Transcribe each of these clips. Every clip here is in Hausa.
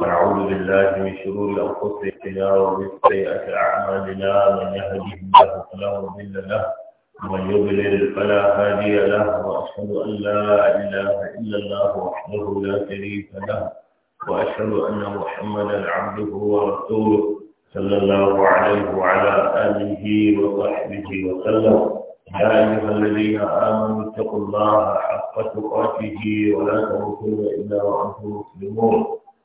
ونعوذ بالله من شرور أنفسنا ومن سيئات أعمالنا من يهده الله فلا مضل له ومن يضلل فلا هادي له وأشهد أن لا إله إلا الله وحده لا شريك له وأشهد أن محمدا عبده ورسوله صلى الله عليه وعلى آله وصحبه وسلم يا أيها الذين آمنوا اتقوا الله حق تقاته ولا تموتن إلا وأنتم مسلمون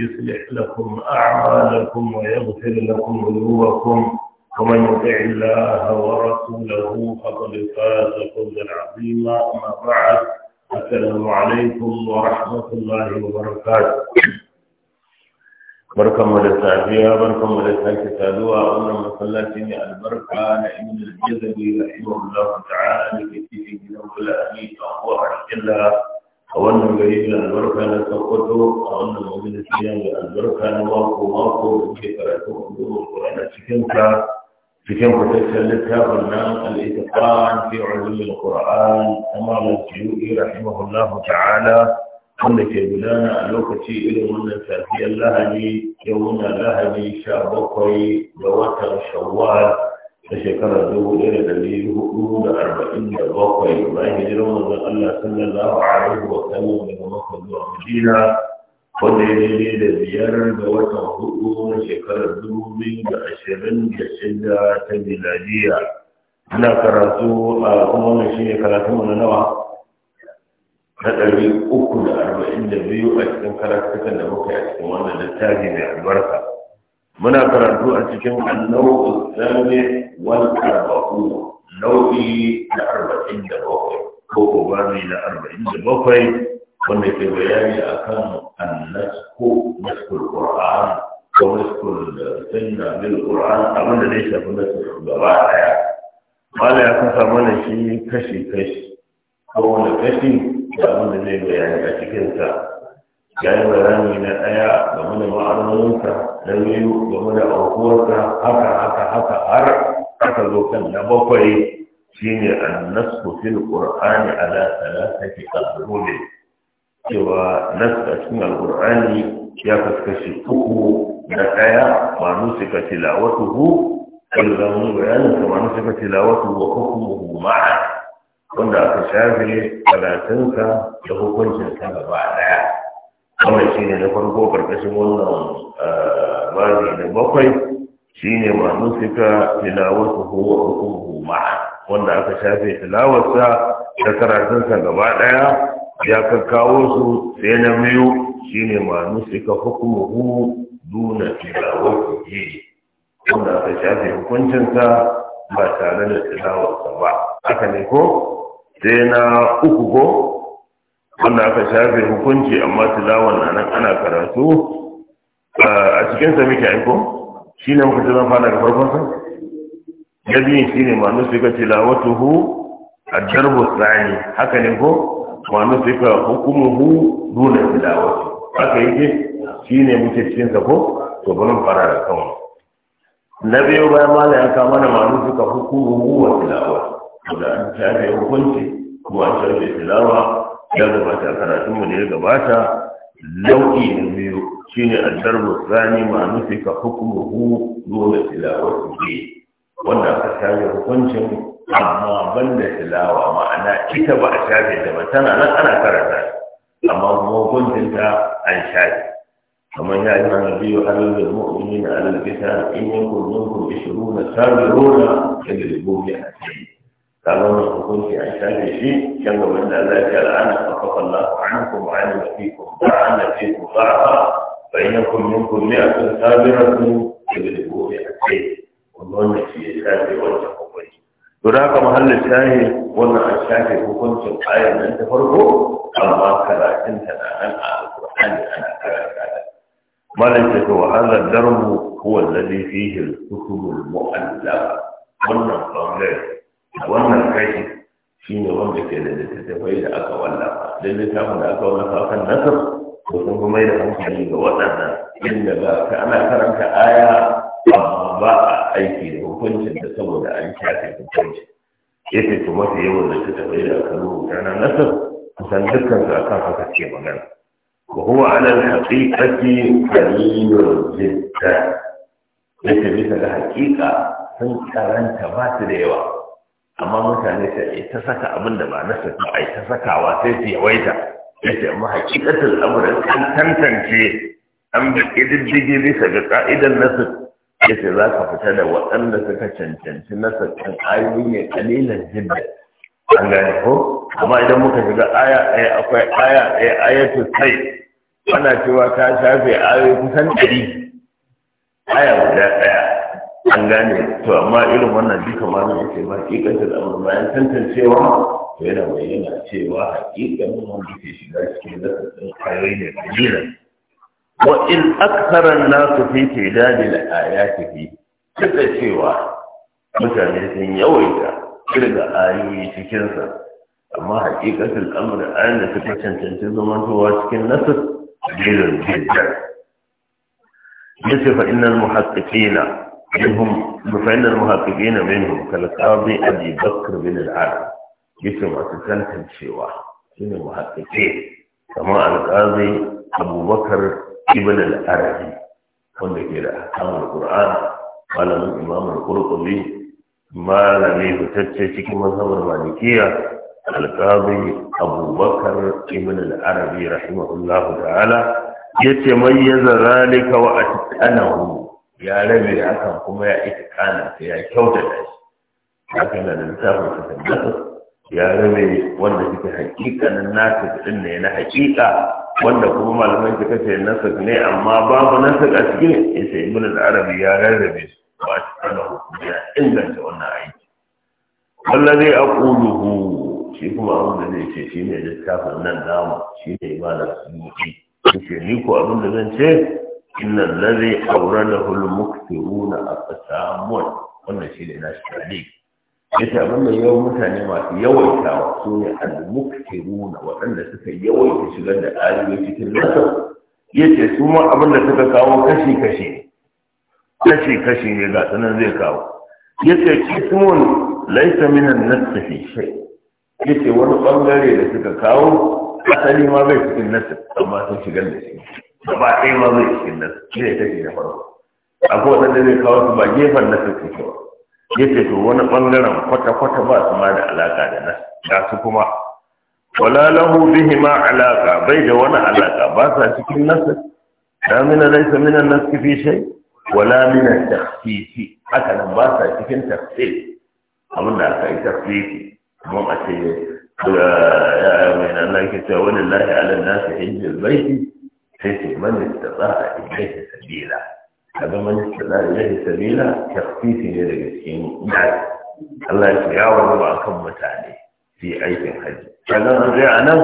يصلح لكم أعمالكم ويغفر لكم ذنوبكم ومن يطع الله ورسوله فقد فاز فوزا عظيما أما بعد السلام عليكم ورحمة الله وبركاته بركة مدرسة فيها بركة مدرسة كتابها أولا مصلاتني البركة لإمام الجزري رحمه الله تعالى لكتبه من أول أبي فهو أحكي a wannan gari mai albarka na sakwato a wannan majalisi na mai albarka na mako mako da muke karatu a zuwa kurana cikin ka cikin fitaccen littafin nan al'itaqan fi ulumil qur'an ta malam jiyu'i rahimahullahu ta'ala wanda ke gudana a lokaci irin wannan safiyar lahadi yau muna lahadi sha bakwai da watan shawwal da shekarar dubu ɗaya da ɗari hudu da arba'in da bakwai bayan hijirar manzon Allah sallallahu alaihi wa sallam daga Makka zuwa Madina wanda ya daidai da biyar ga watan hudu na shekarar dubu biyu da ashirin da shida ta miladiya ana karatu a kuma wannan shi ne karatu mana nawa na ɗari uku da arba'in da biyu a cikin karatukan da muka yi a cikin wannan littafi mai albarka muna karatu a cikin annabu usani wal arba'u nau'i na arba'in da bakwai ko kogami na arba'in da bakwai wanda ke bayani akan annasku naskul qur'an ko naskul sunna bil qur'an abinda zai shafi naskul gaba daya mala ya kasa mana shi kashi kashi ko wani kashi da abinda zai bayani a cikinsa ya yi bayani na ɗaya game da ma'anoninsa na biyu game da aukuwarsa haka haka haka har aka zo kan na bakwai shine annasu fil qur'ani ala thalathati qawli cewa nasu a cikin alqur'ani ya kaskashi uku na daya ma nusika tilawatuhu illa mun bayanin ma nusika tilawatuhu wa hukmuhu ma'a wanda aka shafe karatunsa da hukuncin hukuncinsa gaba ɗaya. wannan shine na farko ƙarƙashin wannan eh, bazi na bakwai shine wa tilawarsa ko wa hukumu ma'a wanda aka shafe tilawarsa da karatunsa gaba daya ya kakkawo su sai na biyu shine ma hukumu hu duna ke wanda aka shafe hukuncinsa ba tare da tilawarsa ba haka ne ko sai na uku ko wanda aka shafe hukunci amma tilawar na nan ana karatu a cikinsa muke aiko shi ne muka ce zan fara da farkon sa na biyun shi ne manu hu a addarbu tsani haka ne ko manu suka hukumuhu nuna tilawa. haka yake shi ne muke cikin sa ko to bari mu fara da kawo na biyu bayan ma ya kama na ka hukumu hu wa tilawa. to da an shafe hukunci ko an shafe tilawa ya gabata karatunmu ne ya gabata nau'i na biyu shi shine addarbu zani ma nufi ka hukumuhu dole tilawatu bi wanda aka shafe hukuncin amma banda tilawa ma'ana ita ba a shafe ta ba tana nan ana karanta amma kuma hukuncin ta an shafe kamar ya yi mana biyu halin mu'minin alal kitab in yankun na yakun minkum 20 sabiruna yadribu bi asiri قالوا من في عن شر شيء كما من ذلك الآن فقط الله عنكم وعلم فيكم وعن فيكم ضعفا فإنكم منكم مئة صابرة تغلبوا مئتين والله في شافي وجه قبري تراك محل الشاهي وانا الشافي حكمت الآية من تفرقوا أما كراتنت الآن على القرآن أنا ما ليس هو هذا الدرب هو الذي فيه الكتب المؤلفة wannan ɓangare wannan kashi shi ne wanda ke da littattafai da aka wallafa don littafin da aka wallafa kan nasar ko sun kuma da hankali ga waɗannan inda ba ka ana karanta aya ba a aiki da hukuncin da saboda an shafe hukuncin yake to mafi yawan littattafai da aka rubuta na nasar kusan dukkan su akan haka ce magana وهو على الحقيقة قليل جدا ليس بس الحقيقة sun karanta ba da yawa amma mutane yi ta saka abin da ba na saka yi ta sakawa sai su yawaita ya ce amma hakikatar lamarin an tantance an bi kididdige bisa ga ka'idan nasu ya ce za ka fita da waɗanda suka cancanci nasu kan ayoyi ne kalilan jidda an gane ko amma idan muka shiga aya ɗaya akwai aya ɗaya ayatul sai ana cewa ta shafe ayoyi kusan ɗari aya guda ɗaya an gane to amma irin wannan duka malam ya ce hakikatar amma bayan tantancewa to yana bayyana cewa hakikanin wanda ke shiga cikin nasarar ayoyi ne kalilan wa in akthara nasu fi tidadil ayati duk da cewa mutane sun yawaita kirga ayoyi cikinsa amma hakikatul amr ayan da suka cancanci zamantowa cikin nasar kalilan jiddan yace fa innal muhaqqiqina منهم فإن المحققين منهم كالقاضي أبي بكر بن العرب جسم أتكلم شيوا من المحققين كما القاضي أبو بكر ابن العربي ke da ahkamar Qur'an malamin Imam Al-Qurtubi fitacce cikin mazhabar Malikiya Al-Qadi Abu Bakar Ibn Al-Arabi rahimahullahu ta'ala yace mayyaza zalika wa atqanahu ya rabe akan kuma ya ita kana ta ya kyautata shi hakan na da littafin sa sannan ya rabe wanda suke hakikanin nasu din ne na hakika wanda kuma malaman suka ce nasu ne amma babu nasu a cikin sai ibn al-arabi ya rarrabe su ba shi kana ya inganta wannan aiki wallahi aquluhu shi kuma abin da zai ce shi shine littafin nan namu ne imanar sunuki ne ni ko abin da zan ce inna aure allazi awradahu al-muktiruna aqsamun wannan shi shine nashi Ya ce abin da yawan mutane masu yawaitawa su ne al Runa, waɗanda suka yawaita shigar da ayoyi cikin nasab yace su ma abin da suka kawo kashi kashi kashi kashi ne ga sanan zai kawo Ya ce laysa min an-nas fi Ya ce wani ɓangare da suka kawo asali ma bai cikin nasab amma sun shigar da shi gaba ɗaya ma zai cikin nan shi ne take da farko akwai waɗanda zai kawo su ba gefen na su fito ba ya ce to wani ɓangaren kwata-kwata ba su ma da alaƙa da nan ga su kuma wala lahu bihi ma alaƙa bai da wani alaƙa ba sa cikin nasu la mina laysa min an fi shai wala mina at-takhfif haka nan ba sa cikin tafsir abin da aka yi tafsir kuma a ce ya mai nan ke cewa wani lahi ala nasi hijjul baiti sai ce man istata ilayhi sabila kaga man istata ilayhi sabila takfisi ne daga cikin dai Allah ya ce wani wajaba kan mutane fi aikin haji kaga an zai anan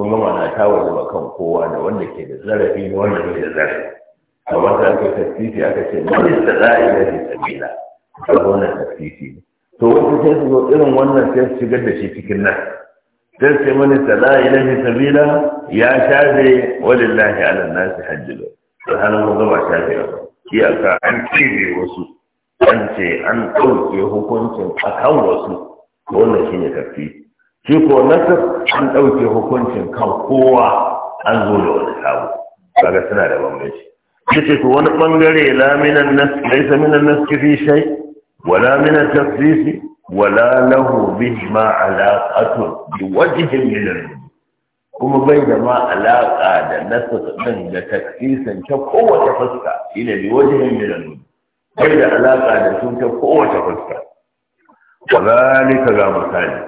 kun ga mana ta wani wajaba kan kowa da wanda ke da zarafi da wanda ke da zarafi kamar da aka takfisi aka ce man istata ilayhi sabila kaga wannan takfisi to wasu sai su zo irin wannan sai su shigar da shi cikin nan sai sai mani sana ilahi sabila ya shafe walillahi ala nasi hajjilo da hannun mun gaba shafe ba aka an cire wasu an ce an ɗauke hukuncin a kan wasu wannan ne tafi shi ko nasar an ɗauke hukuncin kan kowa an zo da wani sabo kaga suna da bambanci yace to wani bangare la minan nas laysa minan nas fi shay wala min at-tasrif wala lahu bihima alaqatun biwajhin min al kuma bai da ma alaƙa da nasa ɗin da taksisan ta kowace fuska ina bi wajen milanu bai da alaƙa da sun ta kowace fuska kazalika ga misali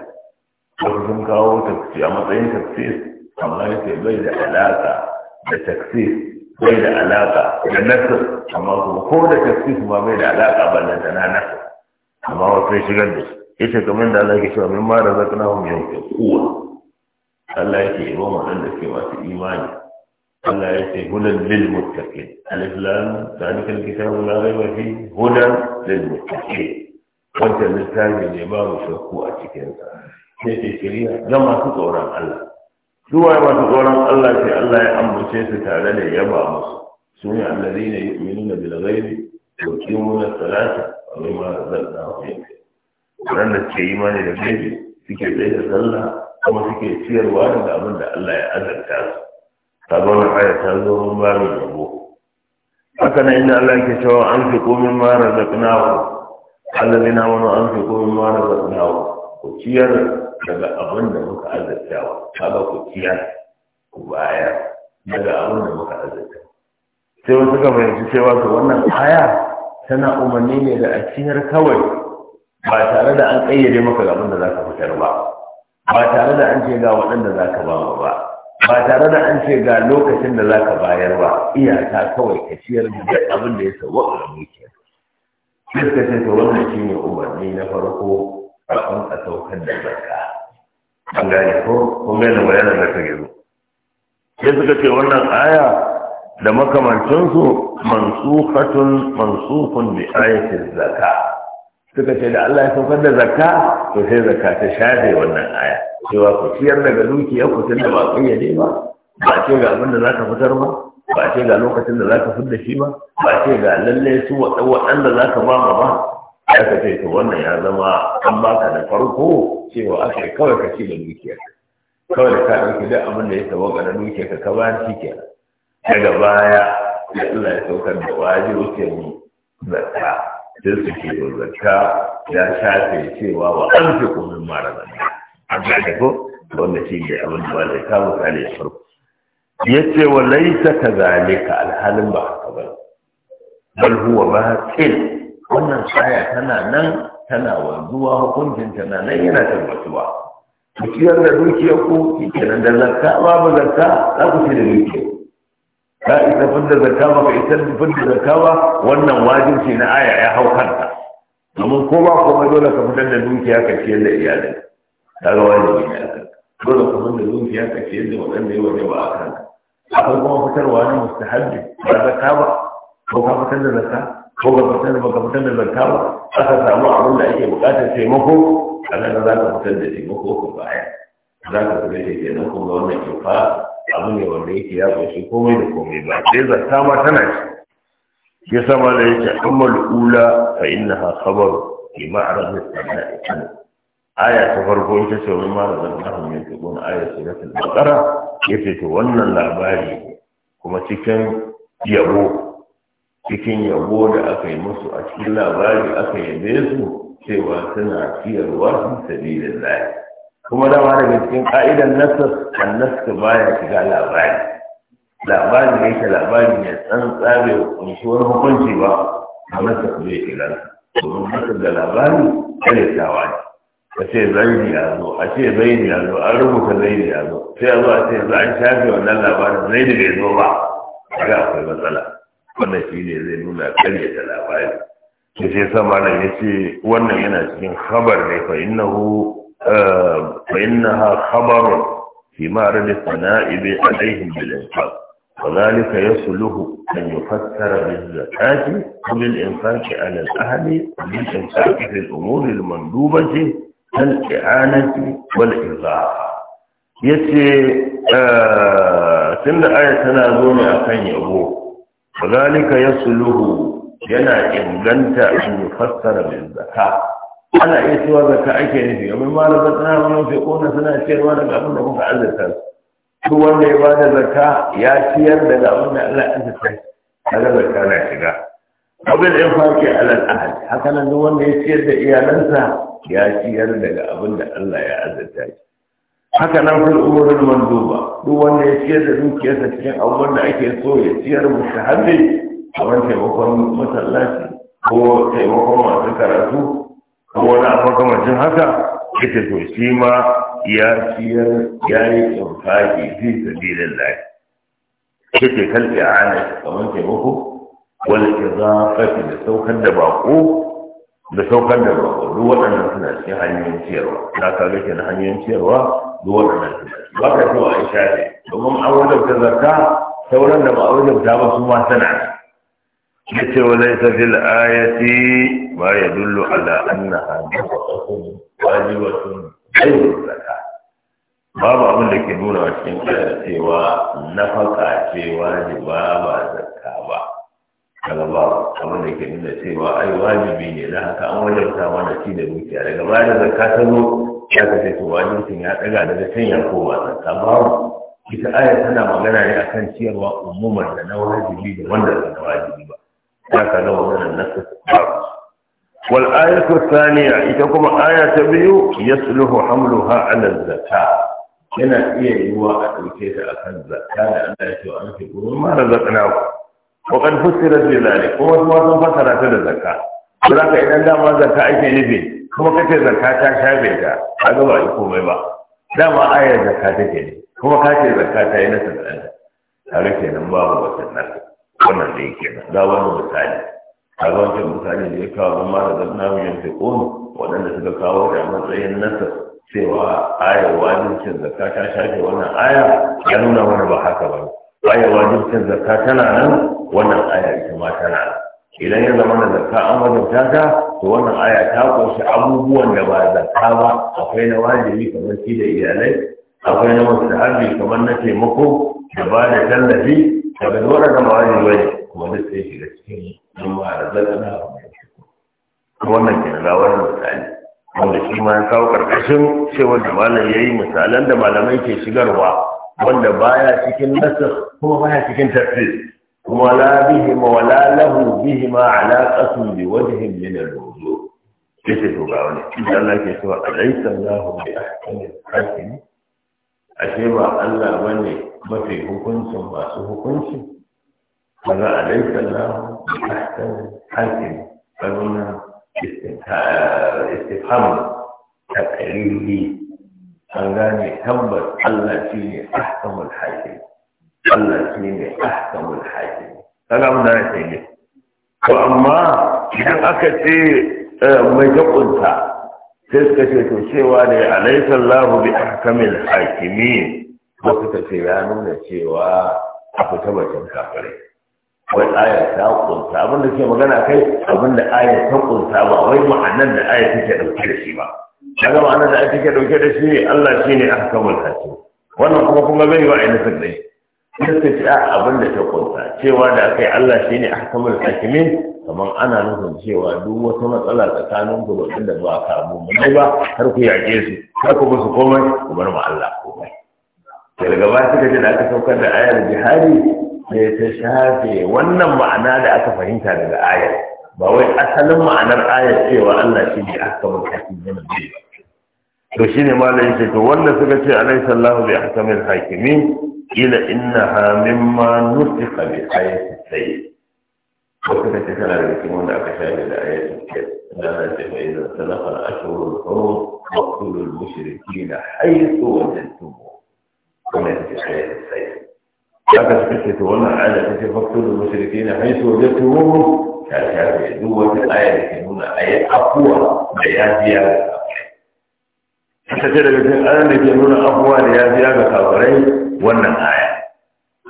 wasu sun kawo taksi a matsayin taksis amma yake bai da alaƙa da taksis bai da alaƙa da nasir amma kuma ko da tafsir ma bai da alaƙa ba da na nasir amma wasu ya shigar da ita yace kamar da Allah ke cewa min ma razaqnahum kuwa. Allah yake yi wa da suke masu imani Allah ya ce hudan lil muttaqin alif lam zalikal kitabu la rayba fi hudan lil muttaqin wannan littafi ne ba mu shakku a cikin sa sai ce shari'a ga masu tsoron Allah duwa ya masu tsoron Allah sai Allah ya ambace su tare da yaba musu su ne allazi ne yi minu na bilagaibi da kimu na salata a mai ma zalla a mai ran da suke yi mani da gaibi suke tsaye da sallah kuma suke ciyarwa da abin da Allah ya azarta su sabon aya ta zo mun babu yabo haka nan inda Allah yake cewa an fi komin ma razaqnahu allazina amanu an fi komin ma razaqnahu ku ciyar daga abin da muka azabtawa kaga ku kiyar ku baya daga abin da muka azabta sai wasu ka fahimci cewa to wannan aya tana umarni ne da a ciyar kawai ba tare da an ƙayyade maka ga abin da za ka fitar ba ba tare da an ce ga waɗanda za ka ba ba ba tare da an ce ga lokacin da za ka bayar ba iyaka kawai ka ciyar da abin da ya sauwa a muke. Duk ce ta wannan shi ne umarni na farko kafin a saukar da zakka an gane ko kun gane bayanin da ka gizo sai suka ce wannan aya da makamancinsu mansukhatun mansukun bi ayatin zakka suka ce da Allah ya saukar da zakka to sai zakka ta shafe wannan aya cewa ku ciyar daga dukiya ku da ba kayyade ba ba ce ga abin da za ka fitar ba ba ce ga lokacin da za ka fitar da shi ba ba ce ga lallai su waɗanda za ka ba ba aka ce to wannan ya zama an baka da farko cewa aka kawai ka ci da dukiyar kawai ka ɗauki duk abin da ya tawaga na dukiyar ka ka bayar shi daga baya ya Allah ya saukar da wajibin zakka sai su ke da zakka ya shafe cewa wa an fi kumin mara zakka an ga ko Wannan shi ne abin da wanda ka misali ya farko ya ce wa laisa ka zalika alhalin ba haka ba bal huwa ba wannan tsaya tana nan tana wanzuwa hukuncin tana nan yana tabbatuwa ku da dukiya ku kike nan da zarka ba ba zarka za ku ce da dukiya ka isa fidda zarka ba ka isa fidda zarka ba wannan wajibci na aya ya hau kanta domin ko ba ko dole ka fitar da dukiya ka ce da iyalai kaga wajibi ne akan dole ka fitar da dukiya ka ce da waɗanda ya waje ba a kanka akwai kuma fitarwa na mustahabbi ba zarka ba ko ka fitar da zarka ko ba fitar ba ka fitar da zakka ba aka samu abin da ake bukatar taimako kaga na za ka fitar da taimako ko baya za ka fitar da taimako ga wannan kyauta abu ne wanda yake ya kunshi komai da komai ba sai zakka ma tana ci ya sama da yake ammal ula fa innaha khabar bi ma'rad al-sadaqa aya ta farko ita ce wani mara zanahun mai tukun aya suratul Ya ce to wannan labari kuma cikin yabo cikin yabo da aka yi musu a cikin labari aka yabe su cewa suna ciyarwa su sabilin layi kuma dama daga cikin ka'idan nasar annaska baya shiga labari labari ne yake labari ya san tsabe kunshuwar hukunci ba a nasar bai shiga domin nasar da labari kare tawa ne a ce zaini ya zo a ce zai ya zo an rubuta zai ya zo sai a zo a ce za an shafe wannan labarin zaini bai zo ba ga akwai matsala wannan shi ne zai nuna karya da labari shi sai sama nan ya ce wannan yana cikin khabar ne fa innahu eh, fa innaha khabarun fi ma'arad sana'ibi alaihim bil infaq wa zalika yasluhu an yufassara da zakati wa bil infaq ala al ahli wa bil infaq fi al umur al mandubati kal i'anati wal izah yace eh, tunda aya tana zo ne kan yabo zalika suluhu yana inganta an yi fassara mai zaka ana iya cewa zaka ake nufi domin malamar tsana wani fi kona suna cewa daga abin da kuka azurta su wanda ya bada zaka ya ciyar daga abin da Allah azurta kaga zaka na shiga abin da ya fake alal ahad haka nan duk wanda ya ciyar da iyalansa ya ciyar daga abin da Allah ya azurta shi haka nan fil umurin manduba duk wanda ya ciyar da dukiyarsa cikin abubuwan da ake so ya ciyar mu mustahabbi kamar taimakon masallaci ko taimakon masu karatu ko wani abu haka ita to shi ma ya ciyar ya yi tsofaki fi sabilin lafi yake kalfi a ana kamar taimako wani izafati da saukar da bako da saukar da bako duk waɗannan suna cikin hanyoyin ciyarwa na kaga kenan hanyoyin ciyarwa duk waɗannan ba ka cewa an shafe domin an wajabta zakka sauran da ba a wajabta ba su ma sana ya ce wa laisa fil ayati ma yadullu ala annaha wajibatun ghayru zakka babu abin da ke nuna wa cikin ayar cewa nafaka ce wajiba ba zakka ba daga ba abin da ke nuna cewa ai wajibi ne na haka an wajabta mana shi da dukiya daga baya da zakka ta zo ya ka ce to wajibin ya tsaga daga can ya koma zakka babu ita aya tana magana ne akan ciyarwa umuman da na wajibi da wanda ba na wajibi ba ya ka ga wannan nasu babu wal ayatu thaniya ita kuma aya ta biyu yasluhu hamluha ala zakka yana iya yiwa a ɗauke ta akan zakka da Allah ya ce an fi gurin ma razaqnahu wa qad fussirat bi dhalik kuma kuma sun fasara ta da zakka ba za ka idan dama zarta ake nufi kuma kace zakka ta shafe ta a ga ba komai ba dama ayar zakka take ne kuma kace zarta zakka ta yi na da tare kenan babu wasannan wannan da yake nan ga wani misali a ga wancan misali da ya kawo zama da zanna mu yanke ƙoni waɗanda suka kawo da matsayin nasa cewa ayar wajibcin zakka ta shafe wannan aya ya nuna wani ba haka ba ayar wajibcin zakka tana nan wannan aya ita ma tana nan idan ya zama na zakka an wajabta ka to wannan aya ta kunshi abubuwan da ba zakka ba akwai na wajibi kamar ki da iyalai akwai na mustahabi kamar na taimako da ba da tallafi daga zuwa da mawaji wajibi kuma duk sai shiga cikin yamma da zakka wannan kenan ga wannan misali wanda shi ma ya kawo karkashin cewar da malam ya yi misalan da malamai ke shigarwa wanda baya cikin nasir kuma baya cikin tafsir wala ma wala lahu bihima alaqatun bi wajhin min al-wujuh kace to ga wani inda Allah ke cewa alaysa Allahu bi ahkamil hakim ashe ba Allah bane mafi hukuncin masu hukunci kaga alaysa Allahu bi ahkamil hakim kaga istifham takalili an gane tabbas Allah shine ahkamul hakim Allah shi ne ahkamul hakim kaga mun da sai ne to amma idan aka ce eh, mai jakunta sai suka ce to cewa ne alaysa Allahu bi ahkamil hakimin ko suka ce ya nuna cewa a fita bakin kafirai wai aya ta kunta abinda ke magana kai abinda aya ta kunta ba wai ma'anar da aya take dauke da shi ba kaga ma'anar da aya take dauke da shi Allah shine ahkamul hakim wannan kuma kuma bai wa ainihin sai suka a abin da ta kunsa cewa da aka yi Allah shi ne ahkamul hakimin kamar ana nufin cewa duk wata matsala tsakanin ku da ba ka mu mu ba har ku yaje su har ku musu komai ku bar mu Allah komai daga gaba suka ji da aka saukar da ayar jihadi sai ta shafe wannan ma'ana da aka fahimta daga ayar ba wai asalin ma'anar ayar cewa Allah shi ne ahkamul hakimin ba to shine malam yace to wanda suka ce alaysa Allahu bi ahkamil hakimin ila innaha mimma nutiqa bi ayati sayyid ko suka ce tana da cikin wanda aka shafe da ayati sayyid dan da ce mai da salafar ashurul hurum waqtulul mushrikeena haythu wajadtum kuma yace ayati sayyid haka suka ce to wannan ayati ce waqtulul mushrikeena haythu wajadtum ta shafe duk wata ayati nuna ayati afwa da yafiya ita ce daga cikin ayoyin da ke nuna abuwa da ya biya ga kafirai wannan aya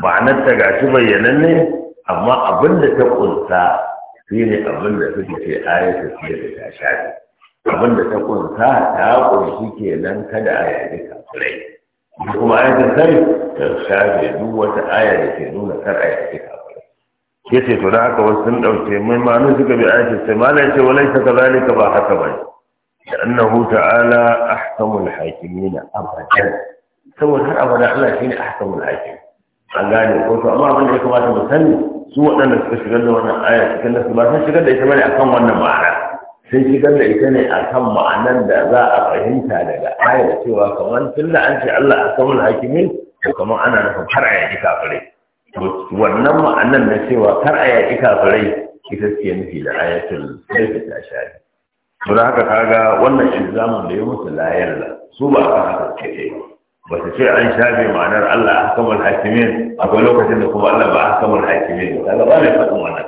ma'anar ta gashi ne amma abin da ta kunsa shi ne abin da suke ce ayar ta ce da ta shafi abin da ta kunsa ta kunshi nan kada a yaji kafirai kuma ayar ta sai ta shafe duk wata aya da ke nuna kar a yaji kafirai yace to da haka wasu sun dauke mai ma'anar suka bi ayar ta sai malai ce walai ta kazalika ba haka bane لأنه تعالى أحكم الحاكمين أبدا سوى الحر أبدا الله شيء أحكم الحاكم an gane ko to amma abin da ya kamata mu su waɗanda suka shigar da wannan aya cikin nasu ba sun shigar da ita bane akan wannan ma'ana sun shigar da ita ne akan ma'anan da za a fahimta daga aya da cewa kamar tun da an ce Allah akamul hakimin to ana kar a wannan ma'anan na cewa kar a yaƙi kafirai ita suke nufi da ayatul sai to da haka kaga wannan ilzamin da ya mutu layar da su ba a haka ce ba su ce an shafe ma'anar Allah a hakamar hakimin akwai lokacin da kuma Allah ba a hakamar hakimin kaga ba mai faɗin wannan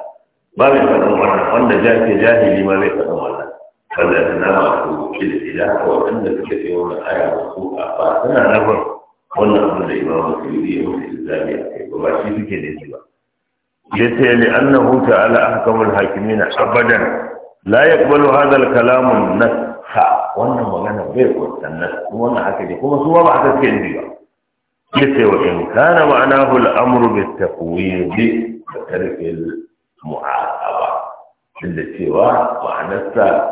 ba mai faɗin wannan wanda jafe jahili ma zai faɗin wannan wanda ta nama su kila ila waɗanda suka ce wannan aya ba su a ba suna nafin wannan abu da imamu yi ya musu ilzami a kai ba shi suke da shi ba ya ce li'annahu ta'ala ahkamul hakimin abadan لا يقبل هذا الكلام النسخ وانا ما انا قلت النسخ وانا حكي دي كما سوى بعد كندي كيف وإن كان معناه الأمر بالتقويض بترك المعاقبة اللي سوى معنى السابق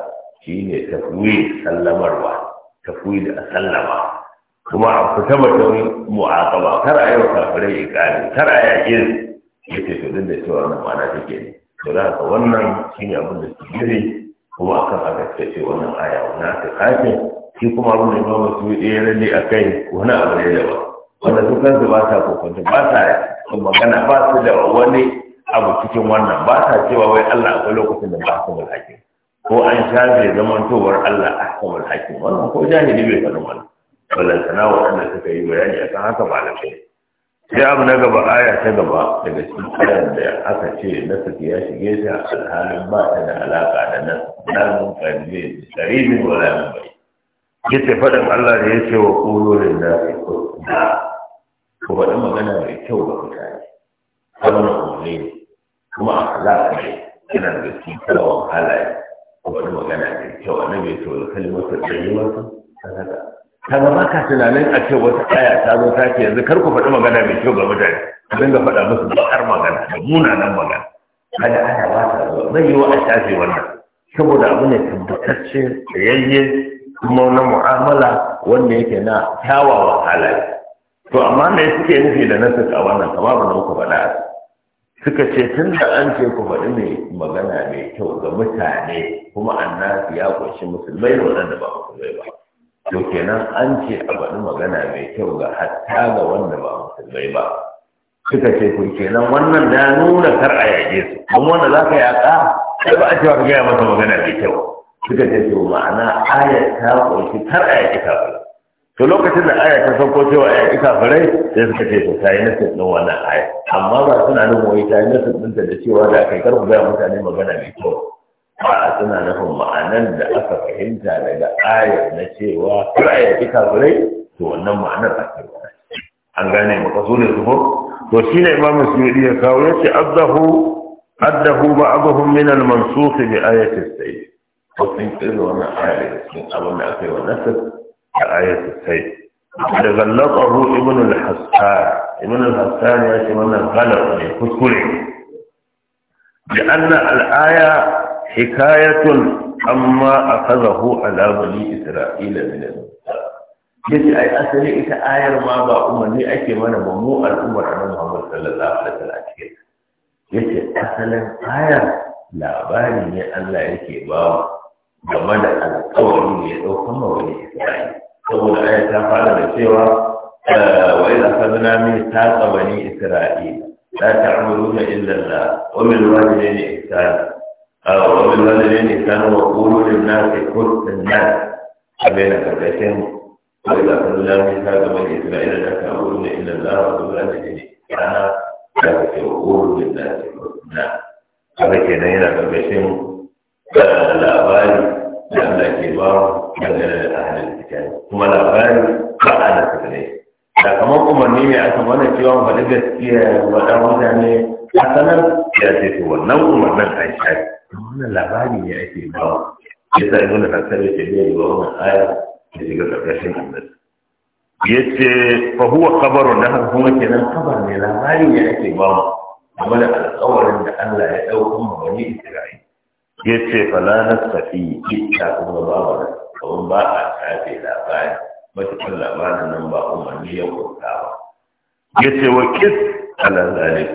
تفويض سلم الروح تفويض أسلم كما عبتمت معاقبة ترى أيوة كافرين قال ترى يا جن كيف يقول اللي سوى معنى تكيني da za haka wannan ne abin da suke yi kuma akan kan aka ce wannan aya wani aka kafin shi kuma abin da ya ba su yi ɗaya a kai wani abu ne da ba wanda su kansu ba sa kokonta ba sa magana ba su da wani abu cikin wannan ba sa cewa wai Allah akwai lokacin da ba su mulhakin ko an shafe zamantowar Allah a kamar hakim wannan ko jahili bai faɗi wannan balantana wanda suka yi bayani san haka malamai sai abu na gaba aya ta gaba daga cikin ayar da aka ce nasu ya shige ta alhalin ba ta da alaka da nan namun kalli saribin wala nan bai yace faɗin Allah da yace wa qululin ko da ko faɗin magana mai kyau ga mutane wannan ne, kuma alaka ne yana da cikin kalawan halaye ko faɗin magana mai kyau annabi mai ce kalmar tayyibatu sadaka kaga ba tunanin a ce wata aya ta zo ta ce yanzu kar ku faɗi magana mai kyau ga mutane ku dinga faɗa musu bakar magana da munanan magana kaga aya ba ta zo zai yi wa a shafe wannan saboda abu ne tabbatacce tsayayye kuma na mu'amala wanda yake na kyawawan halaye to amma me suke nufi da nasu a wannan kama ba ku faɗa suka ce tun da an ce ku faɗi mai magana mai kyau ga mutane kuma annabi ya ƙunshi musulmai da waɗanda ba musulmai ba to kenan an ce a faɗi magana mai kyau ga hatta ga wanda ba musulmai ba suka ce ku kenan wannan da nuna kar a yage su kuma wanda za ka yaƙa sai ba a cewa ka gaya masa magana mai kyau suka ce to ma'ana ayar ta ƙunshi kar a yaƙi kafin to lokacin da aya ta sauko cewa ya ƙi kafirai sai suka ce to tayi nasin ɗin wannan aya amma ba suna nan wai tayi nasin ɗinta da cewa da aka yi ku gaya mutane magana mai kyau ba suna nufin ma'anar da aka fahimta daga ayar na cewa ayar ki kafirai to wannan ma'anar a ce an gane makaso ne su ko. to shi ne imam suyudi ya kawo yace azzahu ba ba'dhum min al-mansukh bi ayati as-sayd ko sun kira wannan ayar cikin abin da aka yi wa nasar a ayati as-sayd da gallaqahu ibn al-hassan ibn al-hassan ya ce wannan galaba ne kuskure Da لأن الآية hikayatun amma a ala bani isra'ila ce a yi asali ita ayar ma ba umarni ake mana ba mu al'ummar annabi Muhammad sallallahu alaihi wasallam cikin yace asalin ayar labari ne Allah yake ba game da alƙawari ne ɗauka mawani Isra'ila saboda ayar ta fara da cewa eh, wa idza akhadna min taqa bani isra'ila la ta'budu illa Allah wa bil walidayni ihsana وبالوالدين كانوا يقولوا للناس كن الناس حبينا كتاتهم وإذا قلنا من هذا من إسرائيل لا تعبدون إلا الله وبالوالدين كان ذلك يقول للناس كن الناس haka ke nan yana ƙarƙashin labari da Allah ke ba dangane da ahalin kitabi kuma labari ba da suka ne sakamakon umarni ne aka mana cewa faɗi gaskiya faɗa mutane a sanar ya ce wannan umarnin an wannan labari ne ake bawa ya sa ibn al-hasan yake ne ga wannan aya da shiga karkashin annabi yace fa huwa khabarun lahu kuma kenan khabar ne labari ne ake bawa game da alƙawarin da Allah ya dauko mu bani Isra'il yace fa la nasafi ita kuma ba wa kawai ba a tafi labari matukan labarin nan ba umarni ya kurta ba yace wa kis ala zalik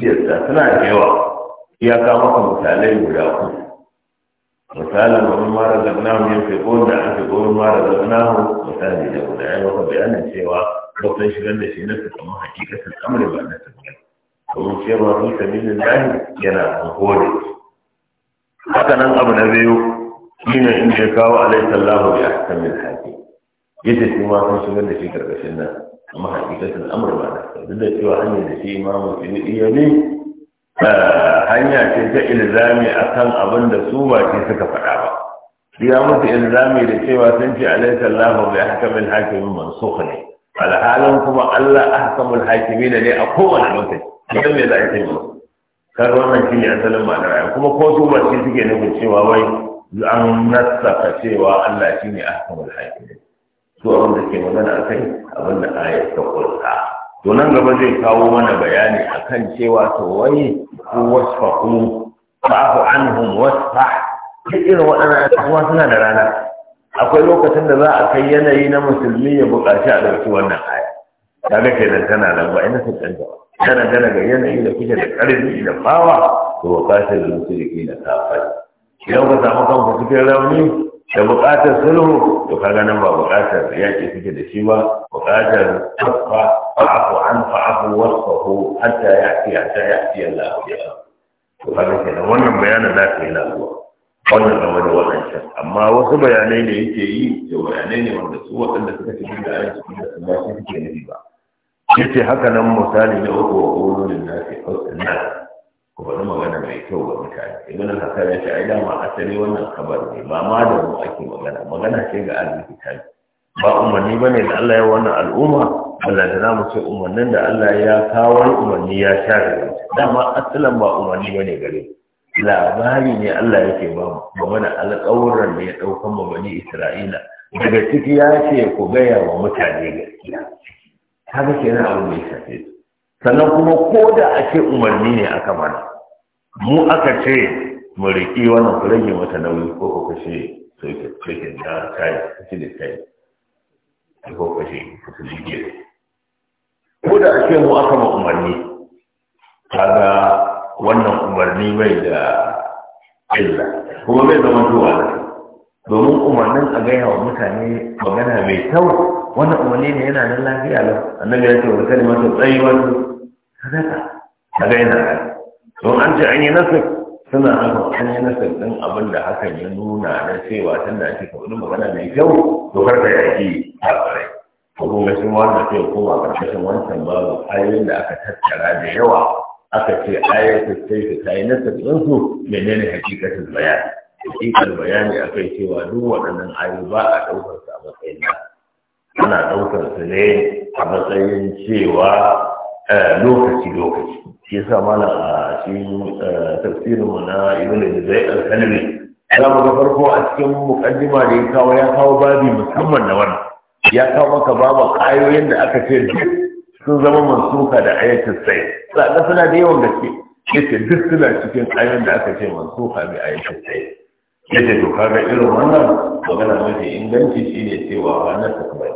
kiyasta tana da yawa ya kama ka misalai guda ku. misalin wani mara zagna mu yin fiko da an fiko wani mara zagna mu misali da guda ya maka bayanin cewa ba sun shigar da shi na su kama hakikatin amri ba na tafiya ce, cewa su sabilin lahi yana an kore haka nan abu na biyu shine in ya kawo alaihi sallahu bi ahkamil hakim yace shi ma sun shigar da shi karkashin nan amma hakikatin amri ba na tafiya duk da cewa hanyar da shi imamu suyuti ya ne Eh, hanya ce ta ilzami akan abin da su ba suka faɗa ba ya musu ilzami da cewa sun ce alaysa Allahu bi ahkamil hakimin mansukh ne alhalin kuma Allah Hakimi da ne a kowane lokaci idan me za a ce ba. kar wannan shi ne asalin ma'anar ayan kuma ko su ba suke nufin cewa wai an nasaka cewa Allah shi ne ahkamul hakimin su abin da ke magana a kai, abin da ayat ta kulta to nan gaba zai kawo mana bayani akan cewa to wai ku wasfaku fa'fu anhum wasfa duk irin waɗannan kuma suna da rana akwai lokacin da za a kai yanayi na musulmi ya buƙaci a ɗauki wannan aya kaga kenan tana nan ba ina sun ba tana da ga yanayi da kuke da ƙarfi da bawa to buƙatar da musulmi da kafai idan ka samu kanku cikin rauni da buƙatar sulhu to kaga nan ba buƙatar yaƙi suke da shi ba buƙatar kafa أنفعه وصفه حتى يأتي حتى يأتي الله بأمره وهذا كده وانا بيانا ذاك إلى الله wannan da wani waɗancan amma wasu bayanai ne yake yi da bayanai ne wanda su waɗanda suka ci da ayin su da su ba su nufi ba yace haka nan misali na uku wa ululin nasi hausin nan ku faɗi magana mai kyau ga mutane ibn al-hasan ya ce ai dama asali wannan kabar ne ba ma da mu ake magana magana ce ga arziki ba umarni ba ne da Allah ya wannan al'umma Allah da namu ce umarnin da Allah ya kawo umarni ya sha gare dama asalin ba umarni ba ne gare labari ne Allah yake ba mu Ba mana alƙawuran da ya ɗaukan mu bani Isra'ila daga ciki ya ce ku gaya wa mutane gaskiya kaga kenan abu mai shafe sannan kuma ko da a ce umarni ne aka mana mu aka ce mu riƙi wannan ku rage mata nauyi ko ku kashe soke da kai kashe da kai ko da ake mu aka ma umarni kaga wannan umarni bai da illa kuma bai zama zuwa domin umarnin a gaya wa mutane magana mai kyau wannan umarni ne yana nan lafiya lau annabi ya ce wa kalimatu tsayiwatu sadaka kaga yana don an ce an yi nasir suna haka an yi nasar ɗin abin da hakan ya nuna na cewa tun da ake kaɓi magana mai kyau dokar da ya ke tabarai to kuma shi wannan sai koma ƙarƙashin wancan babu ayoyin da aka tattara da yawa aka ce su sai ta yi nasar ɗin su menene hakikatin bayani hakikar bayani akai cewa duk waɗannan ayoyi ba a ɗaukar su a matsayin ana ɗaukar su ne a matsayin cewa Eh, lokaci lokaci shi yasa mana a cikin eh, tafsirin mu na ibn al-zai al-kalbi za mu farko a cikin mukaddima da ya kawo ya kawo babi musamman na wannan ya kawo maka babu ayoyin da aka ce duk sun zama mansuka da ayatul sai sai suna da yawan gaske yace duk suna cikin ayoyin da aka ce mansuka bi ayatul sai yace to kaga irin wannan magana mafi inganci shine cewa wannan takbir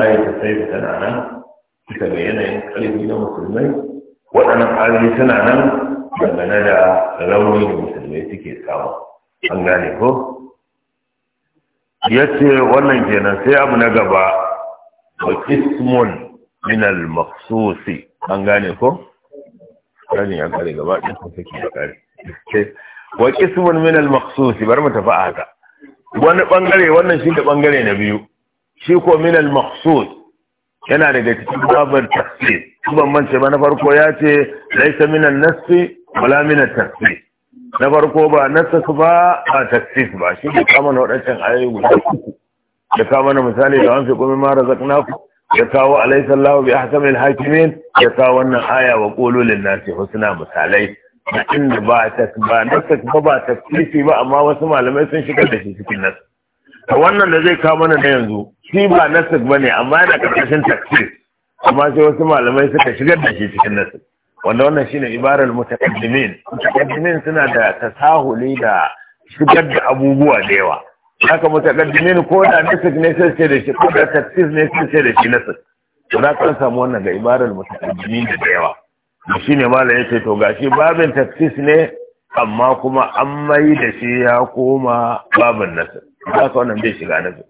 ayatul sai tana nan bisa ga yanayin ƙarfi na musulmai waɗannan ayoyi suna nan dangane da rauni da musulmai suke samu an gane ko ya ce wannan kenan sai abu na gaba wa kismun min al an gane ko gane ya kare gaba ɗin suke da ƙari wa kismun min al-makhsusi bar mu tafi a haka wani ɓangare wannan shi da bangare na biyu shi ko min al yana daga cikin babar tafsir ban mance ba na farko ya ce laisa minan nasfi wala minan tafsir na farko ba su ba a tafsir ba shi ne kama na wadancan ayoyi guda uku ya kama na misali da wanfi kuma ma ku ya kawo alaysa Allahu bi ahkamil hakimin ya kawo wannan aya wa qulu lin nasi husna misalai inda ba ta ba ba ba tafsir ba amma wasu malamai sun shigar da shi cikin nas wannan da zai kawo mana na yanzu shi ba nasir ba ne amma yana karkashin taksir amma sai wasu malamai suka shigar da shi cikin nasir. wanda wannan shine ibarar mutakaddimin mutakaddimin suna da tasahuli da shigar da abubuwa da yawa haka mutakaddimin ko da nasik ne sai ce da shi ko da taksir ne sai ce da shi nasik to za ka samu wannan ga ibarar mutakaddimin da yawa ne malam ce to gashi babin taksir ne amma kuma an mai da shi ya koma babin nasik haka wannan bai shiga nasir?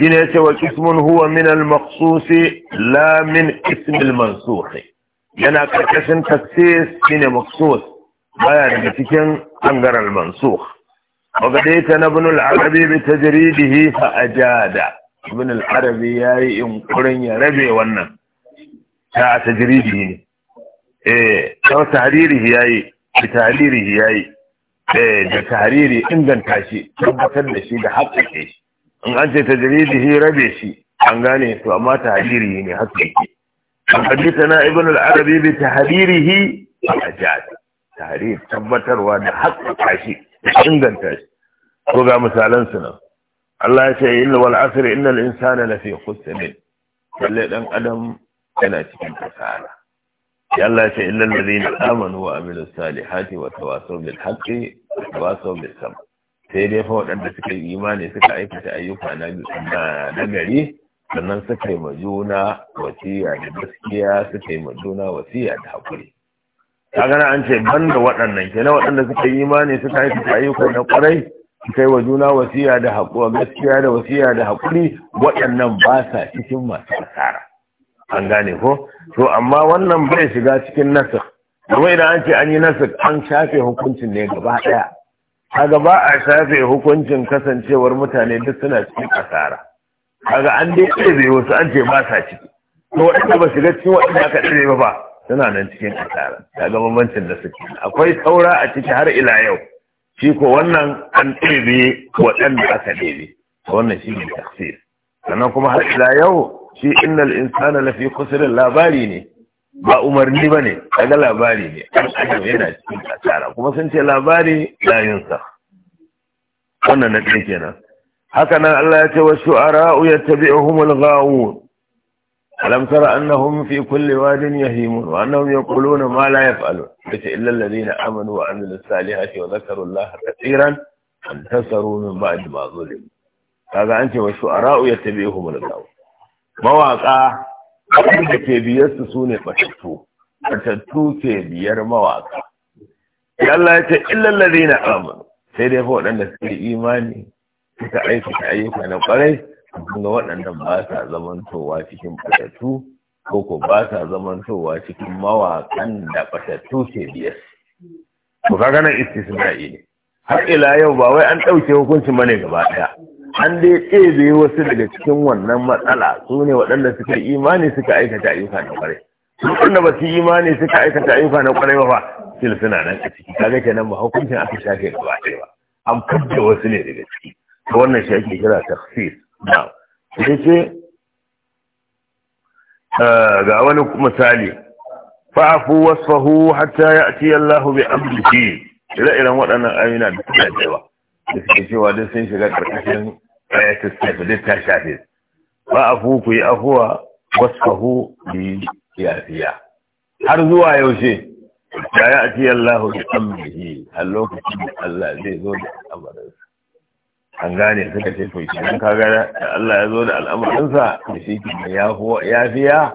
shine yace wa ismun huwa min al-maqsus la min ism al yana ƙarƙashin taksis shine maqsus baya daga cikin bangaren mansukh وبديت ابن العربي بتجريده فأجاد Arabi ya yi ينقرن ya ربي wannan ta tajridihi eh ta tahririhi yi, bi tahririhi ya yi, eh, da tahriri inganta shi tabbatar da shi da haƙƙaƙe shi in an ce tajridihi rabe shi an gane to amma tahdiri ne haka yake an hadithana ibn al-arabi bi tahdirihi ajad tahrir tabbatarwa da haƙƙa shi inganta shi ko ga misalan su nan Allah ya ce inna wal asr innal insana lafi khusr lalle dan adam yana cikin kasala ya Allah ya ce illal ladina amanu wa amilus salihati wa tawasaw bil haqqi wa tawasaw bis sabr sai dai fa waɗanda suka yi imani suka aikata ayyuka na nagari sannan suka yi ma juna wasiya da gaskiya suka yi ma juna wasiya da haƙuri ta gana an ce ban da waɗannan ke na waɗanda suka yi imani suka aikata ayyuka na ƙwarai suka yi wa juna wasiya da haƙuri gaskiya da wasiya da haƙuri waɗannan ba sa cikin masu asara an gane ko to amma wannan bai shiga cikin nasir kuma idan an ce an yi nasir an shafe hukuncin ne gaba ɗaya kaga ba a shafe hukuncin kasancewar mutane duk suna cikin asara kaga an dai ɗebe wasu an ce ba sa ciki to waɗanda ba shiga cikin waɗanda aka ɗebe ba ba suna nan cikin asara kaga bambancin da suke akwai saura a ciki har ila yau shi ko wannan an ɗebe waɗanda aka ɗebe wannan shi ne tafsir sannan kuma har ila yau shi innal insana lafi kusurin labari ne ba umarni bane ne daga labari ne adam yana cikin asara kuma sun ce labari layinsa wannan ne kenan haka nan Allah ya ce wa yattabi'uhum al ghawun alam tara annahum fi kulli wadin yahimun wa annahum yaquluna ma la yaf'alun bace illa alladhina amanu wa amilus salihati wa dhakaru Allah katiran antasaru min ba'd ma zulim kaga an ce wa yattabi'uhum al ghawun mawaka da ke biyar su ne batattu batattu ke biyar mawaka Yalla ya ce lari na amur sai dai fa waɗanda suke imani suka ta ayyuka na ƙwarai ga waɗanda ba sa zamantowa cikin batattu ko ko ba sa zamantowa cikin mawakan da batattu ke biyar to kaga nan istisna'i ne har ila yau ba wai an ɗauke hukuncin bane gaba ɗaya an dai ɗebe wasu daga cikin wannan matsala su ne waɗanda suka yi imani suka aikata ayyuka na ƙwarai su waɗanda ba su yi imani suka aikata ayyuka na ƙwarai ba sil suna nan a ciki kaga kenan ba hukuncin aka shafe gaba ɗaya ba an fadda wasu ne daga ciki ta wannan shi ake kira tafsir na sai ce ah, ga wani misali fa'afu wasfahu hatta ya'ti Allahu bi amrihi ire-iren waɗannan ayyuna da suka da yawa da suke cewa duk sun shiga ƙarƙashin ayatul saifu duk ta shafe ba a fu ku yi afuwa wasfahu bi yafiya har zuwa yaushe ya yi ati Allah bi amrihi a lokacin Allah zai zo da al'amarinsa an gane suka ce to ka kaga da Allah ya zo da al'amarin da shi ke yafiya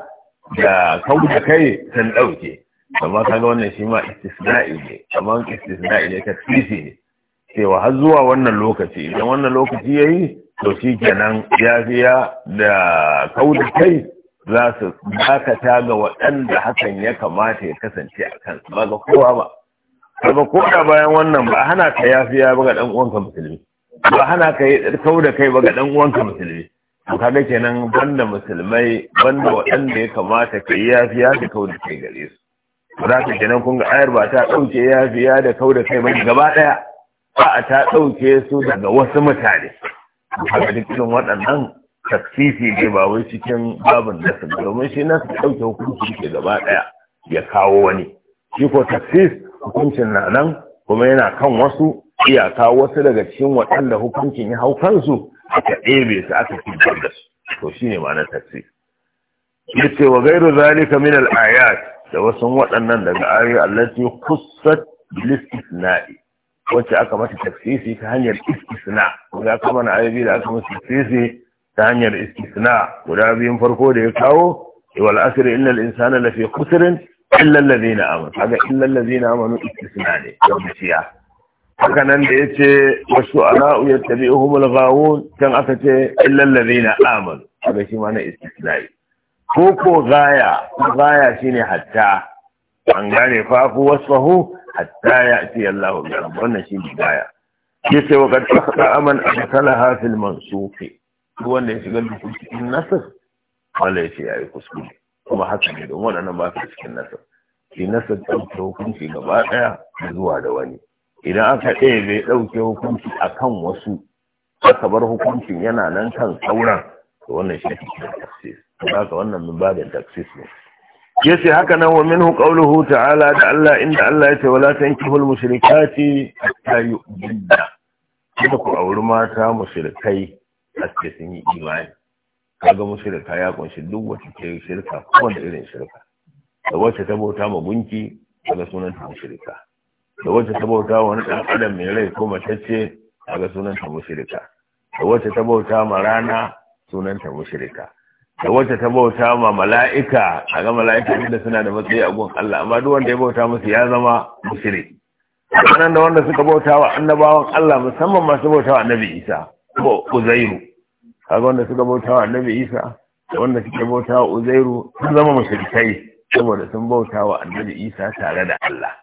da kauda kai sun ɗauke amma kaga wannan shi ma istisna'i ne kamar istisna'i ne ta tafsiri ne cewa har zuwa wannan lokaci idan wannan lokaci ya yi to shi kenan yafiya da kauda kai za su dakata ga waɗanda hakan ya kamata ya kasance a kan, ba ga kowa ba ko da bayan wannan ba hana ka yafiya ba ga ɗan uwanka musulmi ba hana ka yi kauda kai ba ga ɗan uwanka musulmi to kaga kenan banda musulmai banda waɗanda ya kamata ka yi yafiya da kauda kai gare su ba za ka kenan kun ga ayar ba ta ɗauke yafiya da kauda kai ba gaba ɗaya ba ta ɗauke su daga wasu mutane A cikin waɗannan taksisi ne ba wai cikin babin nasu domin shi nasu ɗauke hukunci ke gaba ɗaya ya kawo wani shi ko taksis hukuncin na nan kuma yana kan wasu iyaka wasu daga cikin waɗanda hukuncin ya hau kansu aka ɗebe su aka fi da su to shi ne ma'anar taksis yace wa gairu zalika min al da wasu waɗannan daga ayoyi allati khussat bil istisna'i wacce aka mata tafsisi ta hanyar istisna guda kama na ayoyi da aka mata taksisi ta hanyar istisna guda biyun farko da ya kawo wal asr inna al insana lafi khusr illa na amanu kaga illa na amanu istisna ne gaskiya haka nan da yace wasu ala'u tabi al ghawun kan aka ce illa na amanu kaga shi ma na istisna ko ko gaya gaya shine hatta an gane fa ku wasfahu hatta ya ce Allah bi wannan shi ne gaya Ke sai wa kad ka aman a ha fil mansufi duk wanda ya shiga duk cikin nasar wala ya ce yi kuskure kuma haka ne don wannan ba su cikin nasar shi nasar ɗauke hukunci gaba ɗaya zuwa da wani idan aka ɗaya bai ɗauke hukunci a kan wasu aka bar hukuncin yana nan kan sauran to wannan shi ne tafsir to haka wannan min babin tafsir ne yace haka nan wa minhu ta'ala da Allah inda Allah yace wala tankihul mushrikati hatta yu'minna kada ku auri mata mushrikai haske sun yi imani kaga mushrika ya kunshi duk wata ke shirka ko irin shirka da wacce ta bauta ma gunki daga sunan ta mushrika da wacce ta bauta wani dan adam mai rai ko matacce daga sunan ta mushrika da wacce ta bauta ma rana sunan ta mushrika da wacce ta bauta ma mala'ika a ga mala'ika inda suna da matsayi a gun Allah amma duk wanda ya bauta musu ya zama musiri sannan da wanda suka bauta wa annabawan Allah musamman masu bauta wa annabi Isa ko Uzairu kaga wanda suka bauta wa annabi Isa da wanda suka bauta wa Uzairu sun zama mushrikai saboda sun bauta wa annabi Isa tare da Allah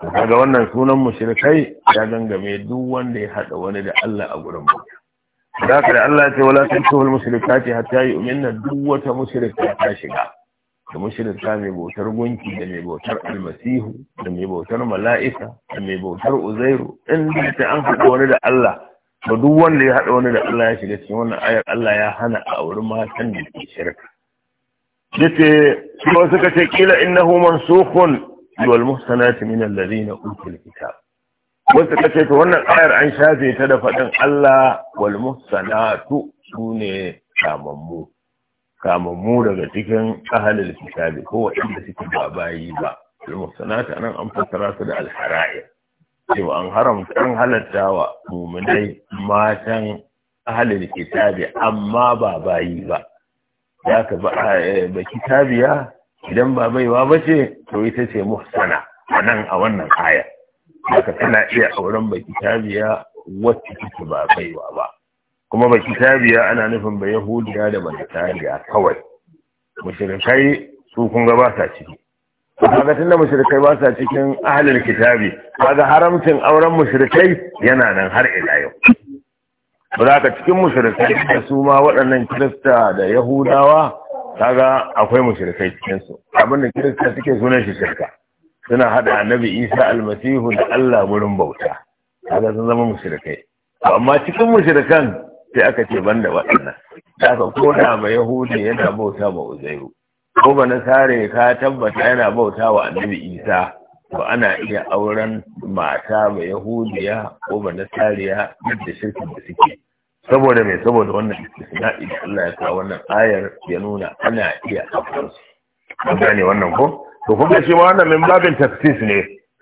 kaga wannan sunan mushrikai ya gangame duk wanda ya hada wani da Allah a gurin bauta da haka da Allah ya ce wala har ta hatta yu'minna duk wata mushrika ta shiga da mushrika mai bautar gunki da mai bautar almasihu da mai bautar mala'ika da mai bautar uzairu in da an haɗa wani da Allah ba duk wanda ya haɗa wani da Allah ya shiga cikin wannan ayar Allah ya hana a wurin matan da ke shirka yace kuma suka ce kila innahu mansukhun wal muhsanati min alladhina utul kitab wasu ka ce to wannan ayar an shafe ta da faɗin Allah wal muhsanatu sune kamammu kamammu daga cikin ahalil kitabi ko waɗanda suke ba bayi ba wal muhsanatu nan an fassara su da alhara'i cewa an haramta an halatta wa muminai matan ahalil kitabi amma ba bayi ba ya ka eh, ba kitabiya idan ba baiwa ba ce to ita ce muhsana a nan a wannan ayar haka tana iya auren baki tabiya wacce take ba baiwa ba kuma baki tabiya ana nufin ba yahudiya da manasariya kawai mushrikai su kun ga ba sa ciki kaga tunda mushrikai ba sa cikin ahlul kitabi kaga haramcin auren mushrikai yana nan har ila yau ba cikin mushrikai da su ma waɗannan kirista da yahudawa kaga akwai mushrikai cikinsu. su abinda kirista suke sunan shi shirka suna hada annabi isa almasihu da allah wurin bauta kaga sun zama mushrikai amma cikin mushrikan sai aka ce da waɗannan aka koda ma yahudi yana bauta ma uzairu ko ba sare ka tabbata yana bauta wa annabi isa ba ana iya auren mata ba yahudiya ko ba nasariya da shirkin da suke saboda mai saboda wannan istisna'i idan Allah ya kawo wannan ayar ya nuna ana iya auren su gane wannan ko to kuma shi ma wannan min babin tafsis ne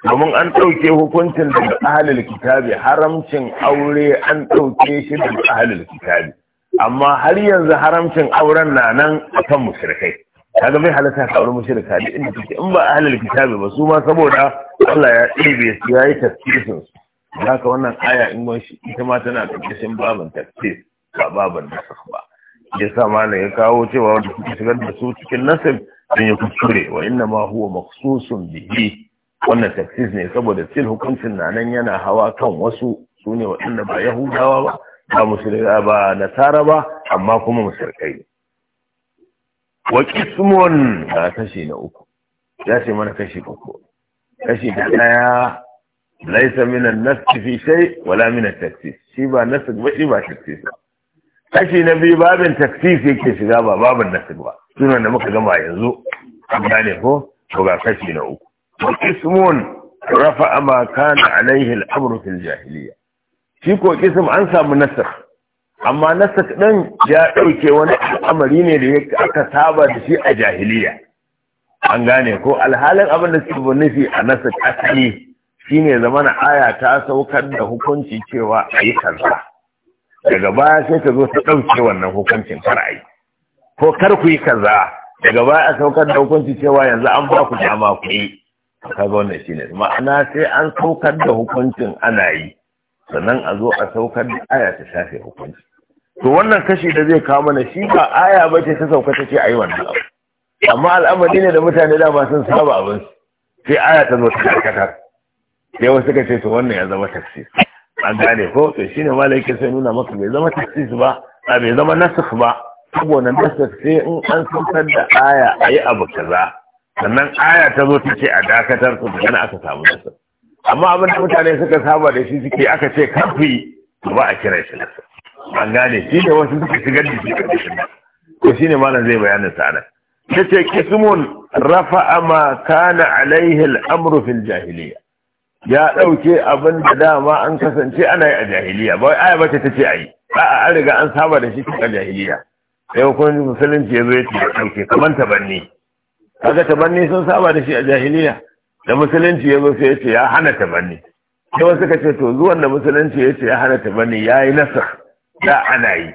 domin an ɗauke hukuncin daga ahalil kitabi haramcin aure an ɗauke shi daga ahalil kitabi amma har yanzu haramcin auren na nan akan mushrikai kaga bai halatta ka aure mushrika duk inda kake in ba ahalil kitabi ba su ma saboda Allah ya ɗebe su yayi tafsirin su haka wannan aya in ma shi ita ma tana ƙarƙashin babin tafsir ba babin nasakh ba ma ne ya kawo cewa wanda suke shigar da su cikin nasib sun yi kuskure wa inna ma huwa maksusun bihi wannan taksis ne saboda sil hukuncin na nan yana hawa kan wasu su ne inna ba yahudawa ba ba Musulmai ba nasara ba amma kuma musulkai ne wa kismun ga kashi na uku ya ce mana kashi uku kashi da ɗaya laisa minan nasi fi shai wala minan taksis shi ba nasi ba shi ba taksis ba kashi na biyu babin taksis yake shiga ba babin nasir ba sunan da muka gama yanzu an gane ko to ga kashi na uku wa ismun rafa ma kana alaihi al-amru fil jahiliya shi ko ism an samu nasar, amma nasar din ya dauke wani al'amari ne da aka saba da shi a jahiliya an gane ko alhalin abin da suke nufi a nasar asali shine zamana aya ta saukar da hukunci cewa yi kansa daga baya sai ta zo ta ɗauke wannan hukuncin fara'i a yi ko kar ku yi kaza daga baya a saukar da hukunci cewa yanzu an ba ku dama ku yi ga wannan shine ma'ana sai an saukar da hukuncin ana yi sannan a zo a saukar da aya ta shafe hukunci to wannan kashi da zai kawo mana shi ba aya ba ce ta sauka ta ce a yi wannan abu amma al'amari ne da mutane ba sun saba abin sai aya ta zo ta karkatar sai wasu ka ce to wannan ya zama tafsir an gane ko to shine malaikai sai nuna maka bai zama taksis ba a bai zama nasakh ba saboda nasakh sai in an saukar da aya ayi abu kaza sannan aya ta zo ta ce a dakatar ku daga aka samu nasakh amma abin da mutane suka saba da shi suke aka ce kafi ba a kira shi nasakh an gane shi ne wasu suka shigar da shi karkashin shi ne malam zai bayanin sa Ta ce kismun rafa'a ma kana alaihi al fil jahiliya ya ɗauke abin da dama an kasance ana yi a jahiliya ba aya bace ta ce a yi a'a an riga an saba da shi a jahiliya sai hukumin musulunci ya zo ya ɗauke kamar tabanni kaga tabanni sun saba da shi a jahiliya da musulunci ya zo sai ya ce ya hana tabanni sai wasu ka ce to zuwan da musulunci ya ce ya hana tabanni ya yi nasa da ana yi